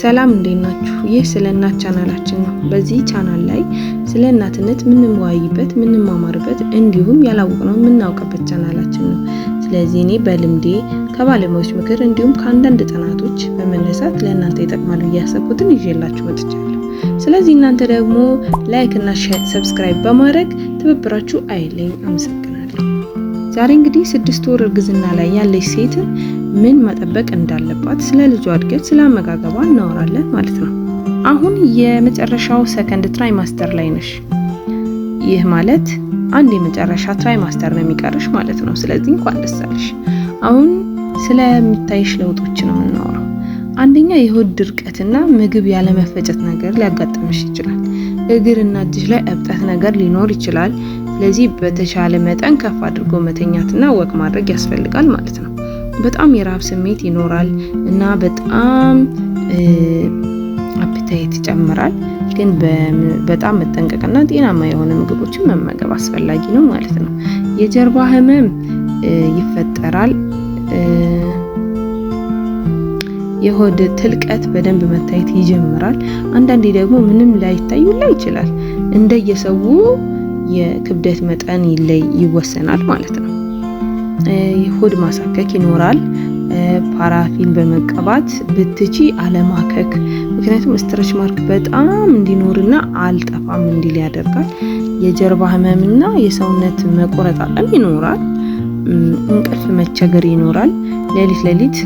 ሰላም እንዴት ናችሁ? ይህ ስለ እናት ቻናላችን ነው። በዚህ ቻናል ላይ ስለ እናትነት ምንወያይበት፣ ምንማማርበት እንዲሁም ያላወቅነው የምናውቅበት ቻናላችን ነው። ስለዚህ እኔ በልምዴ ከባለሙያዎች ምክር እንዲሁም ከአንዳንድ ጥናቶች በመነሳት ለእናንተ ይጠቅማሉ እያሰብኩትን ይዤላችሁ መጥቻለሁ። ስለዚህ እናንተ ደግሞ ላይክ እና ሰብስክራይብ በማድረግ ትብብራችሁ አይለኝ። አመሰግናለሁ። ዛሬ እንግዲህ ስድስት ወር እርግዝና ላይ ያለች ሴትን ምን መጠበቅ እንዳለባት፣ ስለ ልጇ እድገት፣ ስለ አመጋገቧ እናወራለን ማለት ነው። አሁን የመጨረሻው ሰከንድ ትራይ ማስተር ላይ ነሽ። ይህ ማለት አንድ የመጨረሻ ትራይ ማስተር ነው የሚቀርሽ ማለት ነው። ስለዚህ እንኳን ደስ አለሽ። አሁን ስለሚታይሽ ለውጦች ነው የምናወራው። አንደኛ የሆድ ድርቀትና ምግብ ያለመፈጨት ነገር ሊያጋጥምሽ ይችላል። እግርና እጅሽ ላይ እብጠት ነገር ሊኖር ይችላል። ስለዚህ በተሻለ መጠን ከፍ አድርጎ መተኛትና ወቅ ማድረግ ያስፈልጋል ማለት ነው። በጣም የረሃብ ስሜት ይኖራል እና በጣም አፕታይት ይጨምራል። ግን በጣም መጠንቀቅና ጤናማ የሆነ ምግቦችን መመገብ አስፈላጊ ነው ማለት ነው። የጀርባ ህመም ይፈጠራል። የሆድ ትልቀት በደንብ መታየት ይጀምራል። አንዳንዴ ደግሞ ምንም ላይታዩ ላይ ይችላል። እንደየሰው የክብደት መጠን ይለይ ይወሰናል ማለት ነው። ሆድ ማሳከክ ይኖራል። ፓራፊን በመቀባት ብትቺ አለማከክ። ምክንያቱም ስትረች ማርክ በጣም እንዲኖርና አልጠፋም እንዲል ያደርጋል። የጀርባ ህመምና የሰውነት መቆረጣጠም ይኖራል። እንቅልፍ መቸገር ይኖራል። ሌሊት ሌሊት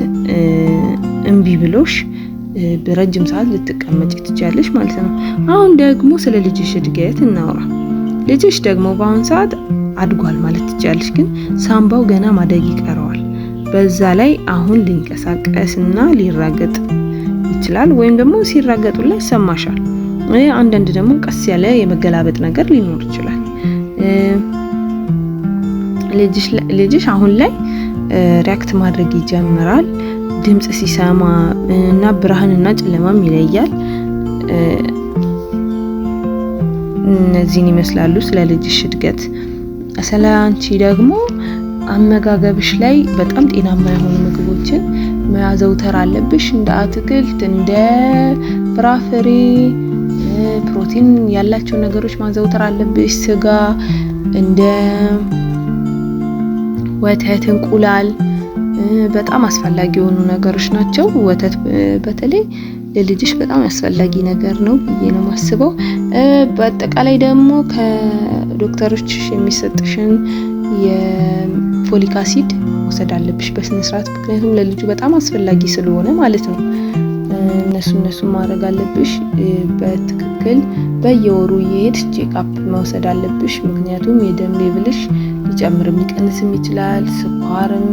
እምቢ ብሎሽ በረጅም ሰዓት ልትቀመጭ ትችያለሽ ማለት ነው። አሁን ደግሞ ስለ ልጅሽ እድገት እናውራ። ልጅሽ ደግሞ በአሁን ሰዓት አድጓል ማለት ትችላለች። ግን ሳምባው ገና ማደግ ይቀረዋል። በዛ ላይ አሁን ሊንቀሳቀስና ሊራገጥ ይችላል፣ ወይም ደግሞ ሲራገጡ ላይ ይሰማሻል። አንዳንድ ደግሞ ቀስ ያለ የመገላበጥ ነገር ሊኖር ይችላል። ልጅሽ አሁን ላይ ሪያክት ማድረግ ይጀምራል። ድምፅ ሲሰማ እና ብርሃንና ጨለማም ይለያል። እነዚህን ይመስላሉ ስለ ልጅሽ እድገት ስለ አንቺ ደግሞ አመጋገብሽ ላይ በጣም ጤናማ የሆኑ ምግቦችን መያዘውተር አለብሽ። እንደ አትክልት፣ እንደ ፍራፍሬ፣ ፕሮቲን ያላቸው ነገሮች ማዘውተር አለብሽ። ስጋ፣ እንደ ወተት፣ እንቁላል በጣም አስፈላጊ የሆኑ ነገሮች ናቸው። ወተት በተለይ ለልጅሽ በጣም አስፈላጊ ነገር ነው ብዬ ነው ማስበው። በአጠቃላይ ደግሞ ከዶክተሮች የሚሰጥሽን የፎሊክ አሲድ መውሰድ አለብሽ በስነ ስርዓት፣ ምክንያቱም ለልጁ በጣም አስፈላጊ ስለሆነ ማለት ነው። እነሱ እነሱ ማድረግ አለብሽ በትክክል በየወሩ የሄድ ቼክአፕ መውሰድ አለብሽ። ምክንያቱም የደም ሌብልሽ ሊጨምርም ሊቀንስም ይችላል። ስኳርም፣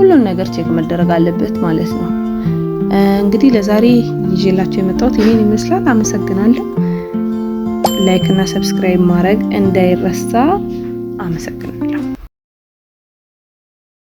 ሁሉም ነገር ቼክ መደረግ አለበት ማለት ነው። እንግዲህ ለዛሬ ይዤላችሁ የመጣሁት ይሄን ይመስላል። አመሰግናለሁ። ላይክ እና ሰብስክራይብ ማድረግ እንዳይረሳ። አመሰግናለሁ።